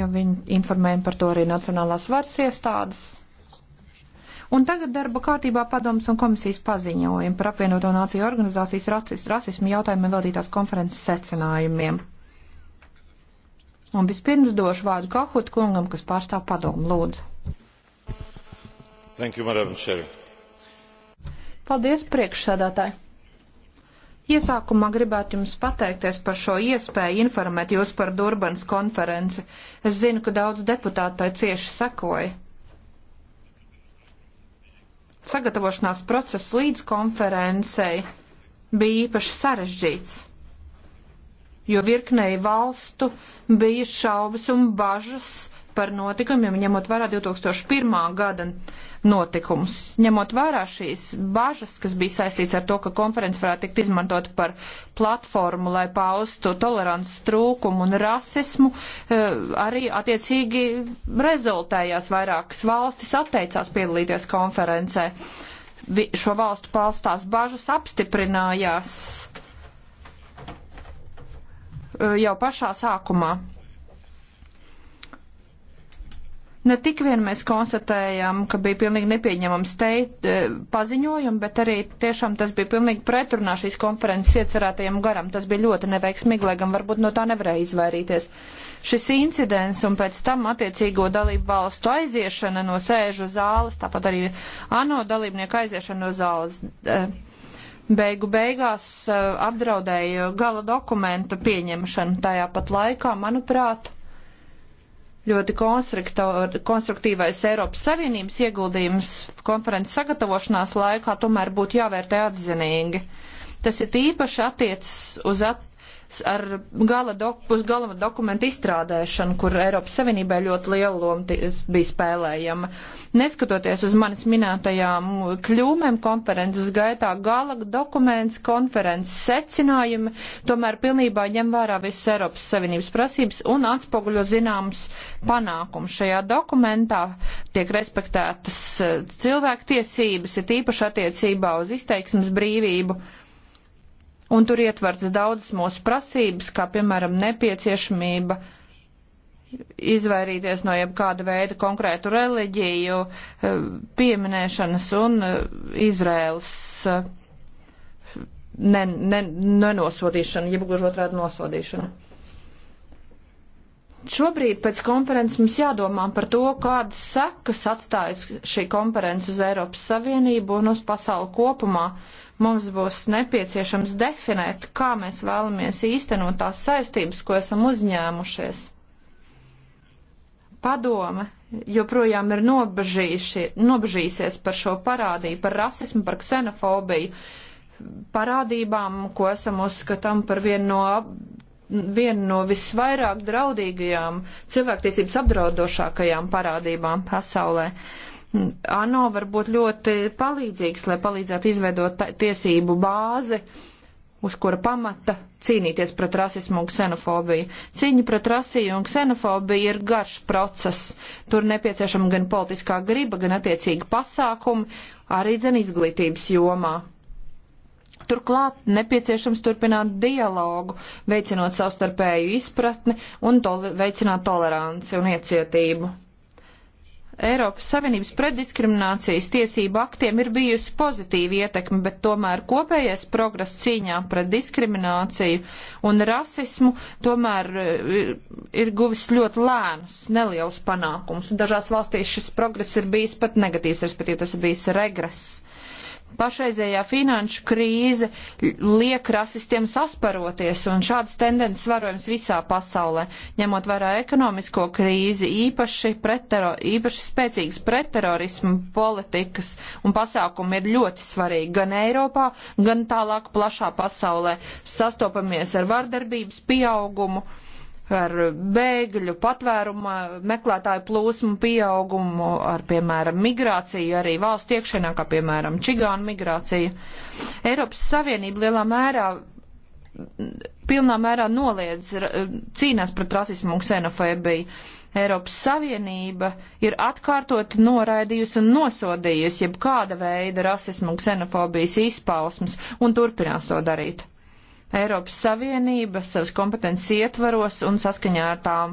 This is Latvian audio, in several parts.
jo viņi informēja par to arī Nacionālās varas iestādes. Un tagad darba kārtībā padoms un komisijas paziņojumi par apvienoto nāciju organizācijas racis, rasismu jautājumiem veltītās konferences secinājumiem. Un vispirms došu vārdu Kahut kungam, kas pārstāv padomu lūdzu. Thank you, Madam Chair. Paldies, priekšsēdētāji. Iesākumā gribētu jums pateikties par šo iespēju informēt jūs par Durbans konferenci. Es zinu, ka daudz deputāti tai cieši sekoja. Sagatavošanās process līdz konferencei bija īpaši sarežģīts, jo virknei valstu bija šaubas un bažas par notikumiem, ņemot vērā 2001. gada notikumus. Ņemot vērā šīs bažas, kas bija saistīts ar to, ka konferences varētu tikt izmantot par platformu, lai paustu tolerants trūkumu un rasismu, eh, arī attiecīgi rezultējās vairākas valstis atteicās piedalīties konferencē. Šo valstu palstās bažas apstiprinājās eh, jau pašā sākumā. Ne tik vien mēs konstatējam, ka bija pilnīgi nepieņemams teikt e, paziņojumi, bet arī tiešām tas bija pilnīgi pretrunā šīs konferences iecerētajam garam. Tas bija ļoti neveiksmīgi, lai gan varbūt no tā nevarēja izvairīties. Šis incidents un pēc tam attiecīgo dalību valstu aiziešana no sēžu zāles, tāpat arī ANO dalībnieku aiziešana no zāles. Eh, beigu beigās e, apdraudēja gala dokumenta pieņemšanu tajā pat laikā, manuprāt, ļoti konstruktīvais Eiropas Savienības ieguldījums konferences sagatavošanās laikā tomēr būtu jāvērtē atzinīgi. Tas ir īpaši attiecis uz at ar gala, dok, gala dokumentu izstrādēšanu, kur Eiropas Savienībai ļoti liela loma bija spēlējama. Neskatoties uz manis minētajām kļūmēm konferences gaitā, gala dokuments, konferences secinājumi tomēr pilnībā ņem vērā visas Eiropas Savienības prasības un atspoguļo zināms panākums. Šajā dokumentā tiek respektētas eh, cilvēktiesības, ir tīpaši attiecībā uz izteiksmes brīvību Un tur ietverts daudzas mūsu prasības, kā piemēram nepieciešamība izvairīties no jebkāda veida konkrētu reliģiju eh, pieminēšanas un eh, Izraels eh, ne, ne, nenosodīšana, jebkurš otrādi nosodīšana. Šobrīd pēc konferences mums jādomā par to, kādas sekas atstājas šī konferences uz Eiropas Savienību un uz pasauli kopumā. Uh, mums būs nepieciešams definēt, kā mēs vēlamies īstenot tās saistības, ko esam uzņēmušies. Padome joprojām ir nobežījusies par šo parādību, par rasismu, par ksenofobiju, parādībām, ko esam uzskatām par vienu no viena no visvairāk draudīgajām cilvēktiesības apdraudošākajām parādībām pasaulē. Uh, ANO var būt ļoti palīdzīgs, lai palīdzētu izveidot tiesību bāzi uz kura pamata cīnīties pret rasismu un ksenofobiju. Cīņa pret rasiju un ksenofobiju ir garš process. Tur nepieciešama gan politiskā griba, gan attiecīga pasākuma, arī dzen izglītības jomā. Turklāt nepieciešams turpināt dialogu, veicinot savstarpēju izpratni un tol veicināt toleranci un iecietību. Eiropas Savienības preddiskriminācijas tiesību aktiem ir bijusi pozitīva ietekme, bet tomēr kopējais progress cīņā pret diskrimināciju un rasismu tomēr eh, ir guvis ļoti lēnus, nelielus panākumus. Dažās valstīs šis progress ir bijis pat negatīvs, respektīvi tas ir bijis regress pašreizējā finanšu krīze liek rasistiem sasparoties, un šādas tendences varojams visā pasaulē, ņemot vērā ekonomisko krīzi, īpaši, prettero, īpaši spēcīgas pretterorismu politikas un pasākumi ir ļoti svarīgi gan Eiropā, gan tālāk plašā pasaulē. Sastopamies ar vardarbības pieaugumu ar bēgļu patvērumu, meklētāju plūsmu pieaugumu, ar, piemēram, migrāciju arī valsts iekšienā, kā, piemēram, čigānu migrāciju. Eiropas Savienība lielā mērā pilnā mērā noliedz, cīnās pret rasismu un ksenofēbiju. Eiropas Savienība ir atkārtot noraidījusi un nosodījusi jebkāda veida rasismu un ksenofobijas izpausmas un turpinās to darīt. Eiropas Savienība savas kompetences ietvaros un saskaņā ar tām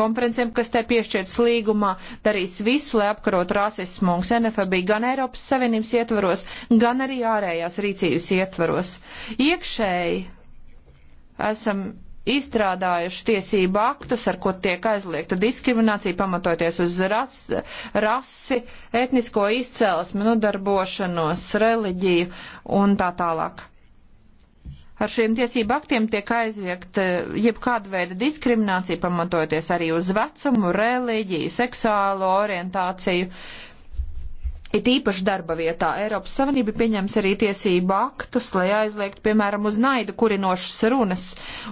konferencēm, kas te piešķirts līgumā, darīs visu, lai apkarot rasismu un ksenofobiju gan Eiropas Savienības ietvaros, gan arī ārējās rīcības ietvaros. Iekšēji esam izstrādājuši tiesību aktus, ar ko tiek aizliegta diskriminācija, pamatoties uz ras, rasi, etnisko izcēlesmi, nodarbošanos, reliģiju un tā tālāk. Ar šiem tiesību aktiem tiek aizviegta eh, jebkāda veida diskriminācija, pamatojoties arī uz vecumu, reliģiju, seksuālo orientāciju. Uh, It īpaši darba vietā Eiropas Savienība pieņems arī tiesību aktus, lai aizliegt, piemēram, uz naidu kurinošas runas.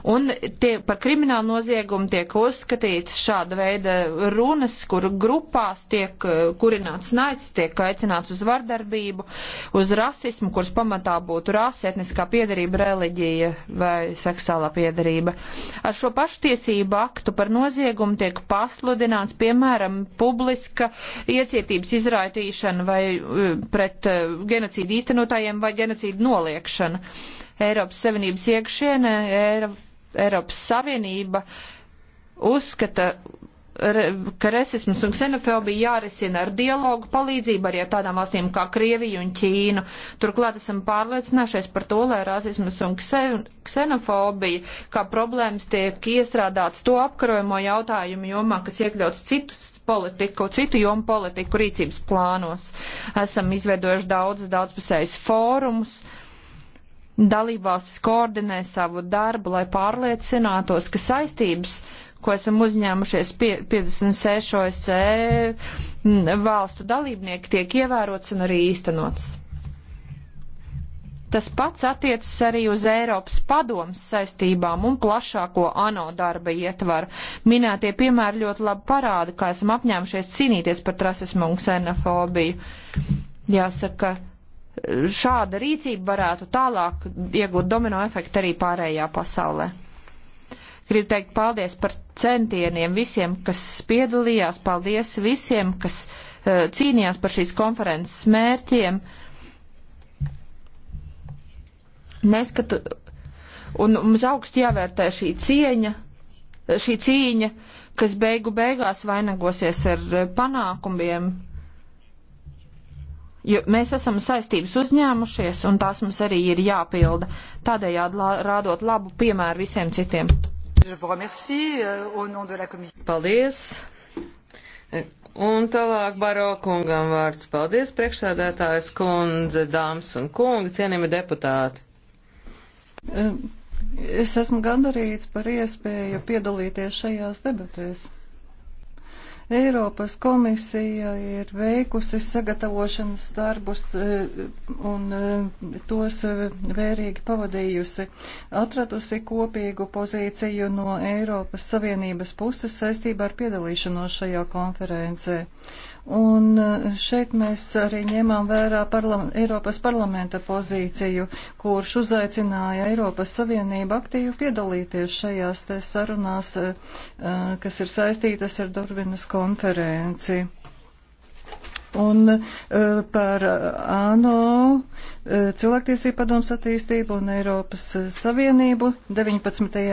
Un tie par kriminālu noziegumu tiek uzskatīts šāda veida runas, kur grupās tiek eh, kurināts naids, tiek aicināts uz vardarbību, uz rasismu, kuras pamatā būtu rasa, etniskā piedarība, reliģija vai seksuālā piedarība. Ar šo pašu tiesību aktu par noziegumu tiek pasludināts, piemēram, publiska iecietības izraitīšana izmeklēšanu vai e, pret e, genocīdu īstenotājiem vai genocīdu noliekšanu. Eiropas Savienības iekšienē Eiropas Savienība uzskata, ka rasisms un ksenofobija jārisina ar dialogu palīdzību arī ar tādām valstīm kā Krieviju un Ķīnu. Turklāt esam pārliecinājušies par to, lai rasisms un ksenofobija kā problēmas tiek iestrādāts to apkarojamo jautājumu jomā, kas iekļauts citus politiku, citu jomu politiku rīcības plānos. Esam izveidojuši daudz daudzpusējus fórumus. Dalībvalstis koordinē savu darbu, lai pārliecinātos, ka saistības, ko esam uzņēmušies 56 OSCE valstu dalībnieki, tiek ievērots un arī īstenots. Tas pats attiecas arī uz Eiropas padomas saistībām un plašāko ANO darba ietvaru. Minētie piemēri ļoti labi parāda, kā esam apņēmušies cīnīties pret rasismu un ksenofobiju. Jāsaka, šāda rīcība varētu tālāk iegūt domino efektu arī pārējā pasaulē. Gribu teikt paldies par centieniem visiem, kas piedalījās, paldies visiem, kas uh, cīnījās par šīs konferences mērķiem. Uh, Neskatu, un mums augstu jāvērtē šī cieņa, šī cīņa, kas beigu beigās vainagosies ar eh, panākumiem. Jo mēs esam saistības uzņēmušies, un tās mums arī ir jāpilda, tādējādi lā, rādot labu piemēru visiem citiem. Euh, Paldies! Un tālāk Baro kungam vārds. Paldies, priekšsēdētājs kundze, dāmas un kungi, cienījami deputāti! Es esmu gandarīts par iespēju piedalīties šajās debatēs. Eiropas komisija ir veikusi sagatavošanas darbus eh, un eh, tos eh, vērīgi pavadījusi, atradusi kopīgu pozīciju no Eiropas Savienības puses saistībā ar piedalīšanos šajā konferencē. Un eh, šeit mēs arī ņēmām vērā parlam Eiropas parlamenta pozīciju, kurš uzaicināja Eiropas Savienību aktīvi piedalīties šajās te sarunās, eh, eh, kas ir saistītas ar Durvinas konferenci un e, par e, ANO e, cilvēktiesību padomus attīstību un Eiropas Savienību. 19.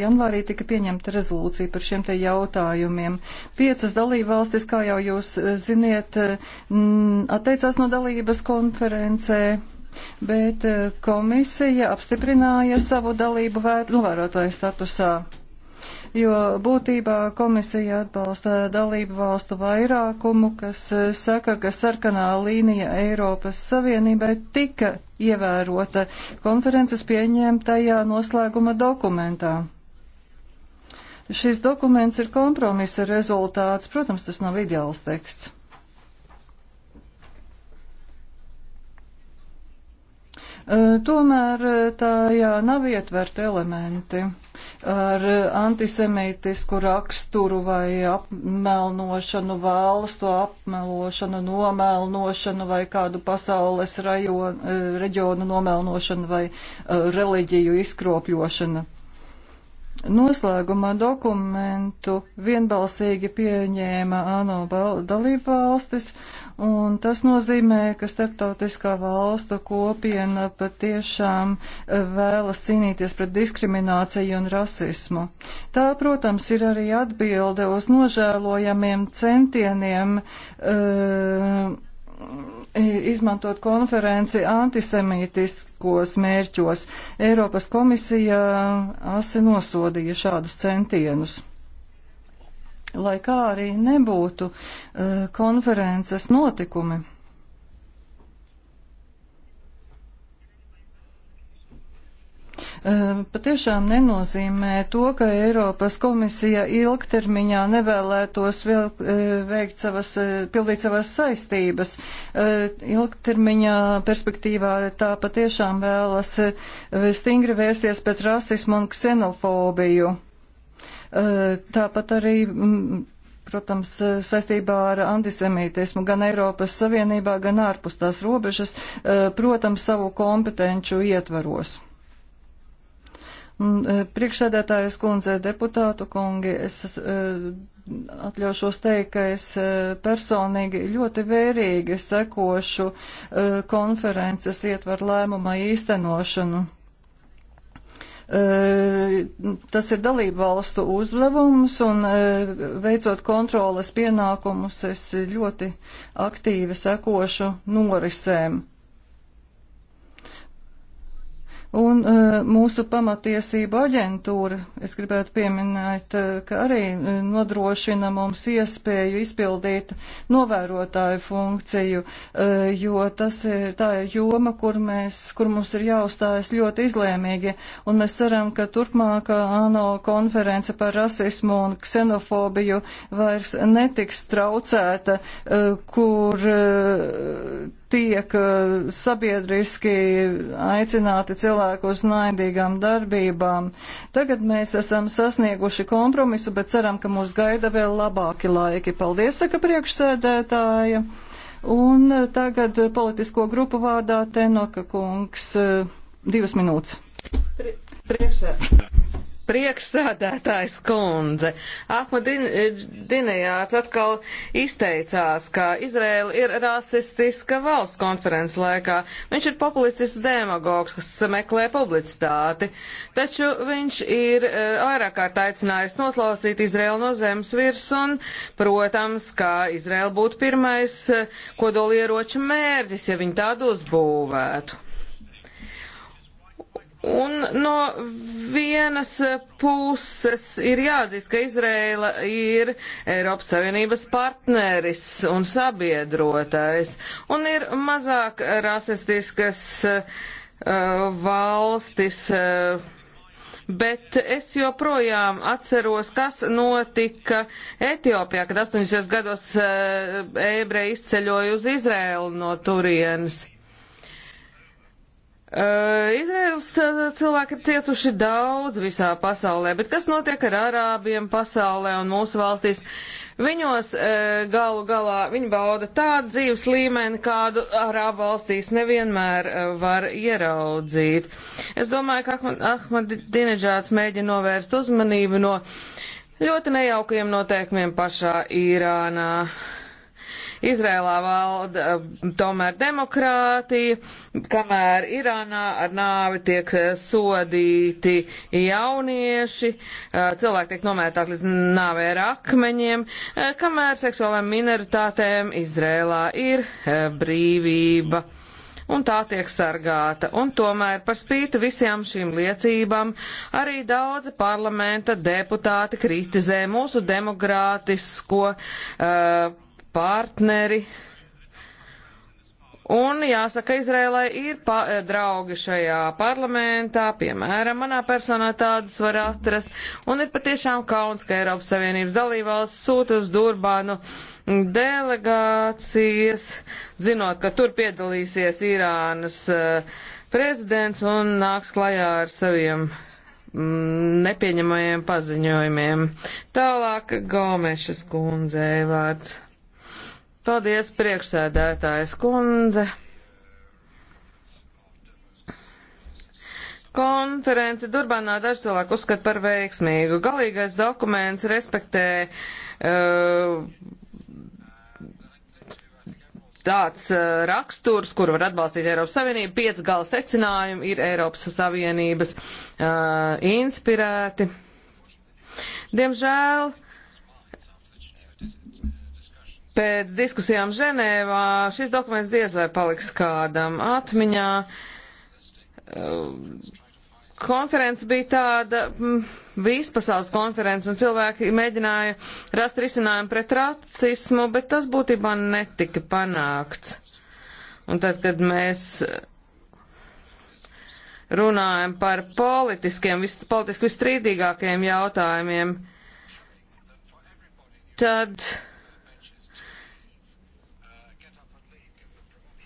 janvārī tika pieņemta rezolūcija par šiem te jautājumiem. Piecas dalībvalstis, kā jau jūs ziniet, atteicās no dalības konferencē. Bet komisija apstiprināja savu dalību novērotāju statusā jo būtībā komisija atbalsta dalību valstu vairākumu, kas e, saka, ka sarkanā līnija Eiropas Savienībai tika ievērota konferences pieņemtajā noslēguma dokumentā. Šis dokuments ir kompromisa rezultāts, protams, tas nav ideāls teksts. E, tomēr e, tajā nav ietverti elementi, ar antisemītisku raksturu vai apmelnošanu, valstu apmelošanu, nomelnošanu vai kādu pasaules rajon, reģionu nomelnošanu vai e, reliģiju izkropļošanu. Noslēgumā dokumentu vienbalsīgi pieņēma ANO dalību valstis, Un tas nozīmē, ka starptautiskā valstu kopiena patiešām eh, vēlas cīnīties pret diskrimināciju un rasismu. Tā, protams, ir arī atbilde uz nožēlojamiem centieniem. Uh, izmantot konferenci antisemītiskos mērķos. Eiropas komisija asi nosodīja šādus centienus lai kā arī nebūtu eh, konferences notikumi. Eh, patiešām nenozīmē to, ka Eiropas komisija ilgtermiņā nevēlētos vēl, eh, veikt savas, pildīt savas saistības. Ilgtermiņā perspektīvā tā patiešām vēlas stingri vērsties pret rasismu un ksenofobiju. Eh, tāpat arī mm, protams, eh, saistībā ar antisemītismu gan Eiropas Savienībā, gan ārpus tās robežas, eh, protams, savu kompetenču ietvaros. Priekšsēdētājas kundze, deputātu kungi, es atļaušos teikt, ka es personīgi ļoti vērīgi sekošu konferences ietvaru lēmuma īstenošanu Eh, tas ir dalību valstu uzdevums, un eh, veicot kontroles pienākumus, es ļoti aktīvi sekošu norisēm. Un e, mūsu pamatiesība aģentūra, es gribētu pieminēt, e, ka arī e, nodrošina mums iespēju izpildīt novērotāju funkciju, jo tas ir, tā ir joma, kur, mēs, kur mums ir jāuzstājas ļoti izlēmīgi. Un mēs ceram, ka turpmākā ANO konference par rasismu un ksenofobiju vairs netiks traucēta, kur tiek eh, sabiedriski aicināti cilvēku uz naidīgām darbībām. Tagad mēs esam sasnieguši kompromisu, bet ceram, ka mūs gaida vēl labāki laiki. Paldies, saka priekšsēdētāja. Un eh, tagad politisko grupu vārdā Tenoka kungs eh, divas minūtes. Pri priekšsēdētāja. Priekšsādētājs kundze, Ahmadinejāts eh, atkal izteicās, ka Izraela ir rasistiska valsts konferences laikā. Viņš ir populistisks demagogs, kas meklē publicitāti, taču viņš ir uh, vairāk kārt aicinājis noslaucīt Izraelu no zemes virs un, protams, ka Izraela būtu pirmais uh, eh, kodolieroču mērķis, ja viņi tādu uzbūvētu. Un no vienas puses ir jāatzīst, ka Izrēla ir Eiropas Savienības partneris un sabiedrotais, un ir mazāk rasistiskas uh, valstis. Uh, bet es joprojām atceros, kas notika Etiopijā, kad 80. gados uh, ebreji izceļoja uz Izrēlu no turienes. Uh, Izraels uh, cilvēki ir cietuši daudz visā pasaulē, bet kas notiek ar arābiem pasaulē un mūsu valstīs? Viņos uh, galu galā viņi bauda tādu dzīves līmeni, kādu arābu valstīs nevienmēr var ieraudzīt. Es domāju, ka Ahmadinežāds mēģina novērst uzmanību no ļoti nejaukajiem noteikumiem pašā Irānā. Uh, Izrēlā valda eh, tomēr demokrātija, kamēr Irānā ar nāvi tiek eh, sodīti jaunieši, eh, cilvēki tiek nomētāti līdz nāvē ar akmeņiem, kamēr seksuālajām minoritātēm Izrēlā ir brīvība un tā tiek sargāta. Un tomēr par spīti visām šīm liecībām arī daudzi parlamenta deputāti kritizē mūsu demokrātisko uh, partneri. Un jāsaka, Izrēlai ir pa, eh, draugi šajā parlamentā, piemēram, manā personā tādus var atrast. Un ir patiešām kauns, ka Eiropas Savienības dalībvalsts sūta uz Durbanu delegācijas, zinot, ka tur piedalīsies Irānas eh, prezidents un nāks klajā ar saviem mm, nepieņemajiem paziņojumiem. Tālāk Gomešas kundzei vārds. Paldies, priekšsēdētājs kundze. Konferenci Durbanā daži cilvēki uzskata par veiksmīgu. Galīgais dokuments respektē uh, tāds uh, raksturs, kuru var atbalstīt Eiropas Savienība. Piec gala secinājumi ir Eiropas Savienības uh, inspirēti. Diemžēl uh, Pēc diskusijām Ženēvā šis dokuments diez vai paliks kādam atmiņā. Ehm, konference bija tāda mm, vispasaules konference, un cilvēki mēģināja rast risinājumu pret rasismu, bet tas būtībā netika panākts. Un tad, kad mēs runājam par politiskiem, vis, politiski visstrīdīgākajiem jautājumiem, tad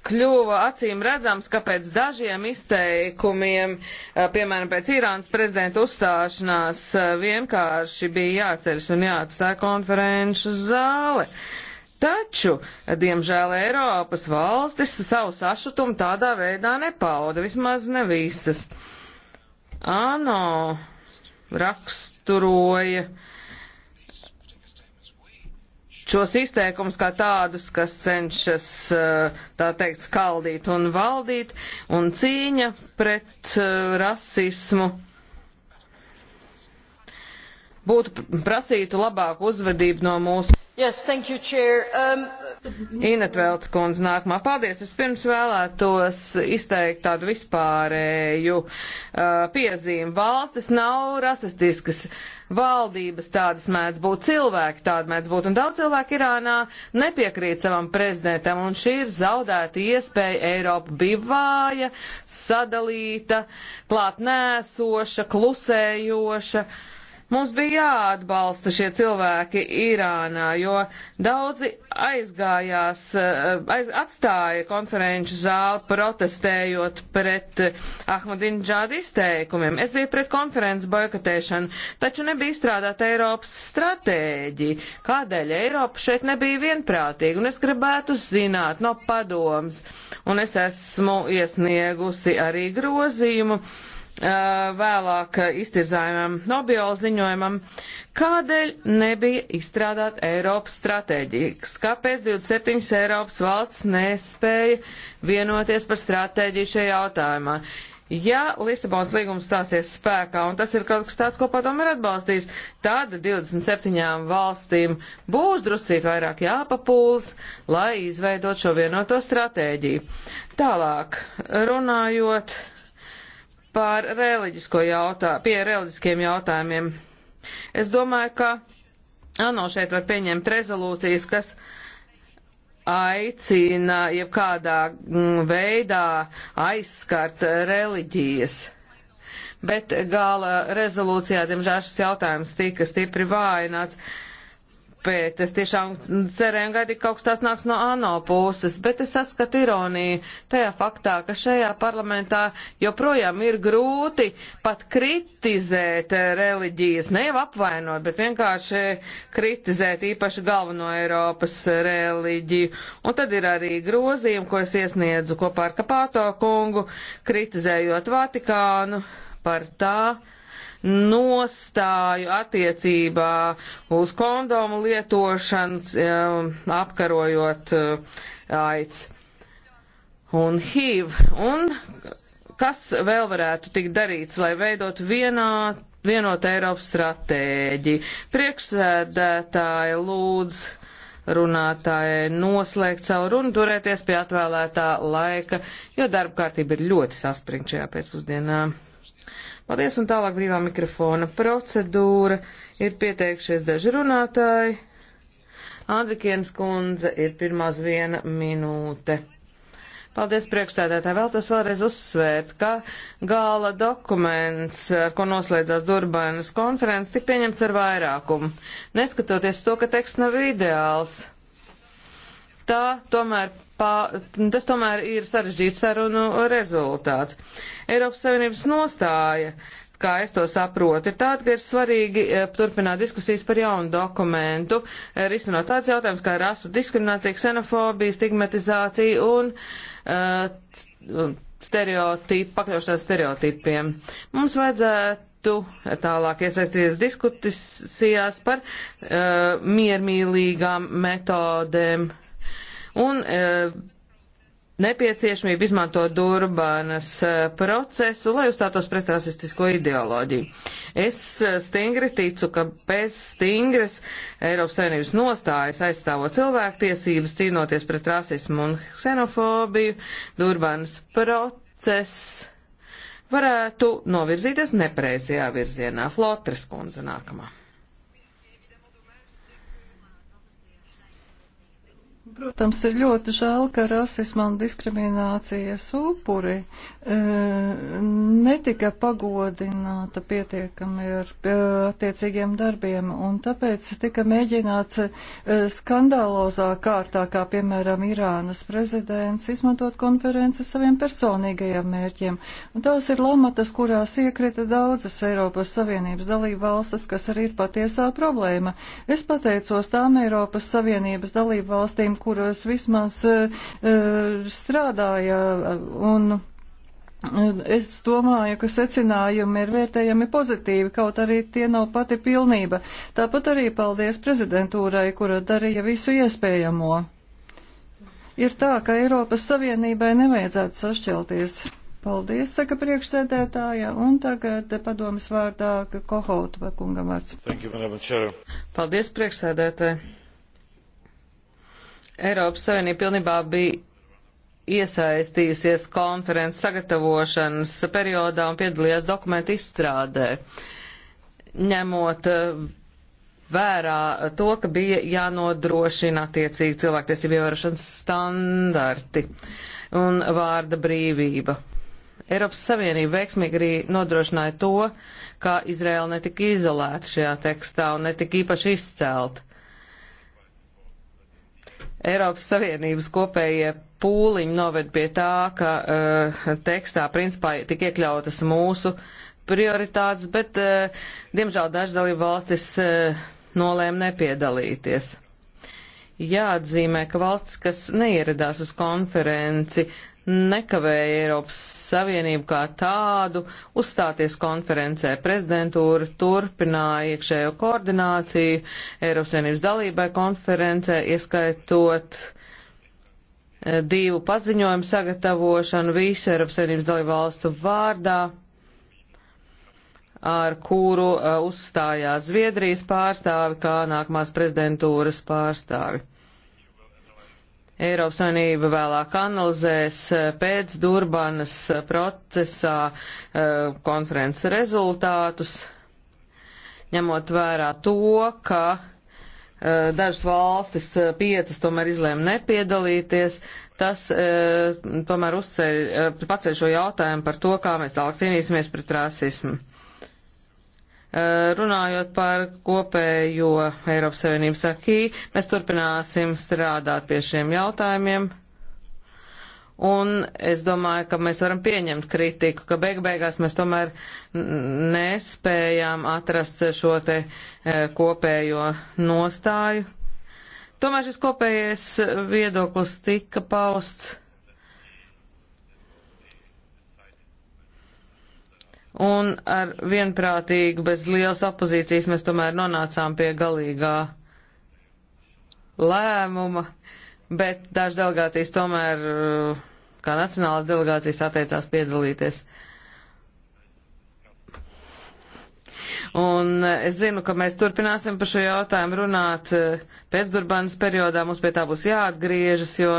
kļuva acīm redzams, ka pēc dažiem izteikumiem, piemēram, pēc Irānas prezidenta uzstāšanās, vienkārši bija jāceļas un jāatstāja konferenču zāle. Taču, diemžēl, Eiropas valstis savu sašutumu tādā veidā nepauda, vismaz ne visas. Ano raksturoja uh, šos izteikumus kā tādus, kas cenšas, eh, tā teikt, skaldīt un valdīt, un cīņa pret eh, rasismu būtu prasītu labāku uzvedību no mūsu. Yes, thank you, Chair. Um... Inetvelds kundze nākamā. Paldies. Es pirms vēlētos izteikt tādu vispārēju uh, piezīmu. Valstis nav rasistiskas. Valdības tādas mēdz būt, cilvēki tādi mēdz būt, un daudz cilvēku Irānā nepiekrīt savam prezidentam, un šī ir zaudēta iespēja. Eiropa bija vāja, sadalīta, klāt nēsoša, klusējoša. Uh, Mums bija jāatbalsta šie cilvēki Irānā, jo daudzi aizgājās, eh, aiz, atstāja konferenču zāli protestējot pret eh, Ahmadinģāda izteikumiem. Es biju pret konferences boikotēšanu, taču nebija izstrādāta Eiropas stratēģija. Kādēļ Eiropa šeit nebija vienprātīga? Un es gribētu zināt no padomas. Un es esmu iesniegusi arī grozījumu. Uh, vēlāk iztirzājumam Nobiola ziņojumam, kādēļ nebija izstrādāt Eiropas stratēģijas, kāpēc 27 Eiropas valsts nespēja vienoties par stratēģiju šajā jautājumā. Ja Lisabons līgums stāsies spēkā, un tas ir kaut kas tāds, ko padomu ir atbalstījis, tad 27 valstīm būs druscīt vairāk jāpapūls, lai izveidot šo vienoto stratēģiju. Tālāk, runājot par reliģisko jautājumu, pie reliģiskiem jautājumiem. Es domāju, ka ANO šeit var pieņemt rezolūcijas, kas aicina jebkādā mm, veidā aizskart reliģijas. Bet gala rezolūcijā, diemžēl, šis jautājums tika stipri vājināts. Uh, bet es tiešām cerēju un gaidīju, ka kaut kas tās nāks no ANO puses, bet es saskatu ironiju tajā faktā, ka šajā parlamentā joprojām ir grūti pat kritizēt eh, reliģijas, ne jau apvainot, bet vienkārši kritizēt īpaši galveno Eiropas eh, reliģiju. Un tad ir arī grozījumi, ko es iesniedzu kopā ar Kapāto kungu, kritizējot Vatikānu par tā, nostāju attiecībā uz kondomu lietošanas, apkarojot aids un HIV. Un kas vēl varētu tikt darīts, lai veidot vienā, vienot Eiropas stratēģiju? Priekšsēdētāja lūdz runātājai noslēgt savu runu, turēties pie atvēlētā laika, jo darba kārtība ir ļoti saspringta šajā pēcpusdienā. Paldies, un tālāk brīvā mikrofona procedūra. Ir pieteikšies daži runātāji. Andrikienas kundze ir pirmās viena minūte. Paldies priekšstādētāji. Vēl tas vēlreiz uzsvērt, ka gala dokuments, ko noslēdzās Durbainas konferences, tika pieņemts ar vairākumu. Neskatoties to, ka teksts nav ideāls, tā tomēr pā, tas tomēr ir sarežģīts sarunu rezultāts. Eiropas Savienības nostāja, kā es to saprotu, ir tāda, ka ir svarīgi e, turpināt diskusijas par jaunu dokumentu, e, risinot tāds jautājums kā rasu diskriminācija, ksenofobija, stigmatizācija un e, uh, stereotipu, pakļaušanās stereotipiem. Mums vajadzētu tālāk iesaistīties diskusijās par uh, miermīlīgām metodēm uh, un e, nepieciešamību izmantot Durbanas e, procesu, lai uzstātos pret rasistisko ideoloģiju. Es e, stingri ticu, ka bez stingras Eiropas Savienības nostājas aizstāvot cilvēktiesības, cīnoties pret rasismu un ksenofobiju, Durbanas process varētu novirzīties nepreizajā virzienā. Flotras kundze nākamā. Protams, ir ļoti žēl, ka rasisma un diskriminācijas upuri e, netika pagodināta pietiekami ar e, attiecīgiem darbiem, un tāpēc tika mēģināts e, skandalozā kārtā, kā piemēram Irānas prezidents, izmantot konferences saviem personīgajiem mērķiem. Un tās ir lamatas, kurās iekrita daudzas Eiropas Savienības dalību valstis, kas arī ir patiesā problēma. Es pateicos tām Eiropas Savienības dalību valstīm, kuros vismaz eh, eh, strādāja eh, un Es domāju, ka secinājumi ir vērtējami pozitīvi, kaut arī tie nav pati pilnība. Tāpat arī paldies prezidentūrai, kura darīja visu iespējamo. Ir tā, ka Eiropas Savienībai nevajadzētu sašķelties. Paldies, saka priekšsēdētāja, un tagad padomas vārdā Kohautu kungam vārds. Paldies, priekšsēdētāji. Eiropas Savienība pilnībā bija iesaistījusies konferences sagatavošanas periodā un piedalījās dokumentu izstrādē, ņemot eh, vērā to, ka bija jānodrošina attiecīgi cilvēktiesību ievērošanas standarti un vārda brīvība. Eiropas Savienība veiksmīgi arī nodrošināja to, kā Izraela netika izolēta šajā tekstā un netika īpaši izcelta. Eiropas Savienības kopējie pūliņi noved pie tā, ka uh, tekstā principā tik iekļautas mūsu prioritātes, bet, uh, diemžēl, dažas dalību valstis uh, nolēma nepiedalīties. Jāatzīmē, ka valsts, kas neieradās uz konferenci, nekavēja Eiropas Savienību kā tādu uzstāties konferencē. Prezidentūra turpināja iekšējo koordināciju Eiropas Savienības dalībai konferencē, ieskaitot eh, divu paziņojumu sagatavošanu visu Eiropas Savienības dalību valstu vārdā ar kuru uh, uzstājās Zviedrijas pārstāvi, kā nākamās prezidentūras pārstāvi. Eiropas Savienība vēlāk analizēs uh, pēc Durbanas uh, procesā konferences rezultātus, ņemot vērā to, ka dažas valstis, piecas, tomēr izlēma nepiedalīties. Tas tomēr uzceļ, paceļ šo jautājumu par to, kā mēs tālāk cīnīsimies pret rasismu. Eh, runājot par kopējo Eiropas Savienības akī, mēs turpināsim strādāt pie šiem jautājumiem. Un es domāju, ka mēs varam pieņemt kritiku, ka beig beigās mēs tomēr nespējām atrast šo te eh, kopējo nostāju. Tomēr šis kopējais viedoklis tika pausts un ar vienprātīgu, bez lielas opozīcijas mēs tomēr nonācām pie galīgā lēmuma, bet dažas delegācijas tomēr, kā nacionālās delegācijas, atteicās piedalīties. Un eh, es zinu, ka mēs turpināsim par šo jautājumu runāt eh, pēc Durbanas periodā, mums pie tā būs jāatgriežas, jo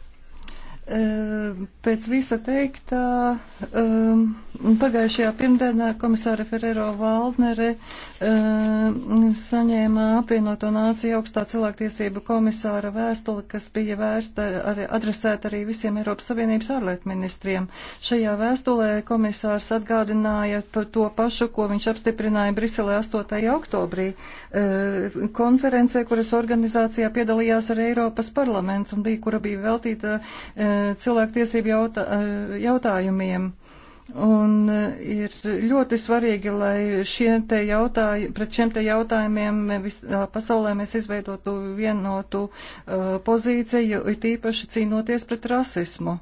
Pēc visa teiktā, um, pagājušajā pirmdienā komisāra Ferrero Valdnere um, saņēma apvienoto nāciju augstā cilvēktiesību komisāra vēstuli, kas bija vērsta arī adresēta arī visiem Eiropas Savienības ārlietu ministriem. Šajā vēstulē komisārs atgādināja par to pašu, ko viņš apstiprināja Briselē 8. oktobrī, Eh, konferencē, kuras organizācijā piedalījās arī Eiropas parlaments un bija, kura bija veltīta eh, cilvēktiesību jautā, eh, jautājumiem. Un ir ļoti svarīgi, lai šiem te jautāj, pret šiem te jautājumiem visā pasaulē mēs izveidotu vienotu uh, pozīciju, it īpaši cīnoties pret rasismu.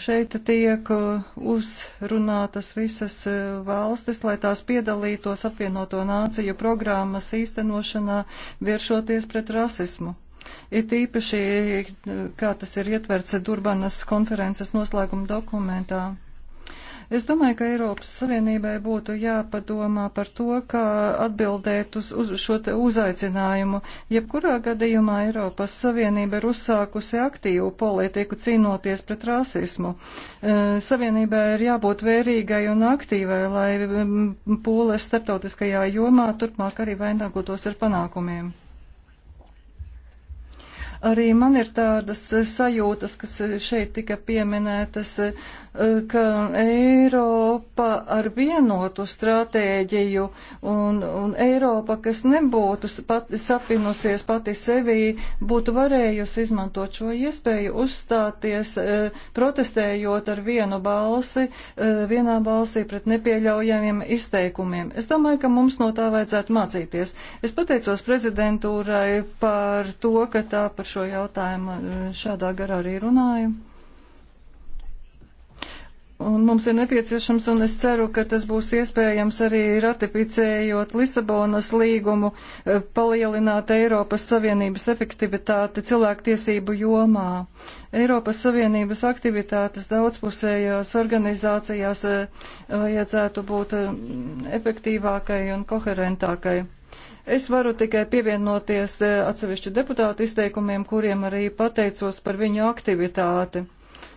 Šeit tiek uzrunātas visas valstis, lai tās piedalītos apvienoto nāciju programmas īstenošanā, vēršoties pret rasismu. Ir tīpaši, kā tas ir ietverts Durbanas konferences noslēguma dokumentā. Es domāju, ka Eiropas Savienībai būtu jāpadomā par to, kā atbildēt uz, uz šo uzaicinājumu. Jebkurā gadījumā Eiropas Savienība ir uzsākusi aktīvu politiku cīnoties pret rasismu. E, Savienībai ir jābūt vērīgai un aktīvai, lai pūles starptautiskajā jomā turpmāk arī vainagotos ar panākumiem arī man ir tādas sajūtas, kas šeit tika pieminētas, ka Eiropa ar vienotu stratēģiju un, un Eiropa, kas nebūtu pati sapinusies pati sevī, būtu varējusi izmantot šo iespēju uzstāties, e, protestējot ar vienu balsi, e, vienā balsī pret nepieļaujamiem izteikumiem. Es domāju, ka mums no tā vajadzētu mācīties. Es pateicos prezidentūrai par to, ka tā par šo jautājumu e, šādā garā arī runāju. Un mums ir nepieciešams, un es ceru, ka tas būs iespējams arī ratificējot Lisabonas līgumu, eh, palielināt Eiropas Savienības efektivitāti cilvēktiesību jomā. Eiropas Savienības aktivitātes daudzpusējās organizācijās eh, vajadzētu būt eh, efektīvākai un koherentākai. Es varu tikai pievienoties atsevišķu deputātu izteikumiem, kuriem arī pateicos par viņu aktivitāti.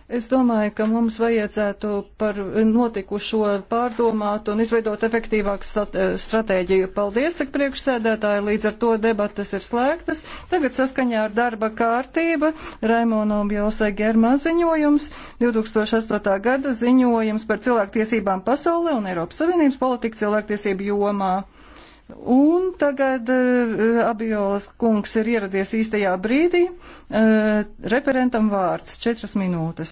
Es domāju, ka mums vajadzētu par notikušo pārdomāt un izveidot efektīvāku eh, stratēģiju. Paldies, saka priekšsēdētāji, līdz ar to debatas ir slēgtas. Tagad saskaņā ar darba kārtība Raimonam Josai Germā ziņojums 2008. gada ziņojums par cilvēktiesībām pasaulē un Eiropas Savienības politiku cilvēktiesību jomā. Un tagad uh, Abiolas kungs ir ieradies īstajā brīdī. Uh, referentam vārds - četras minūtes.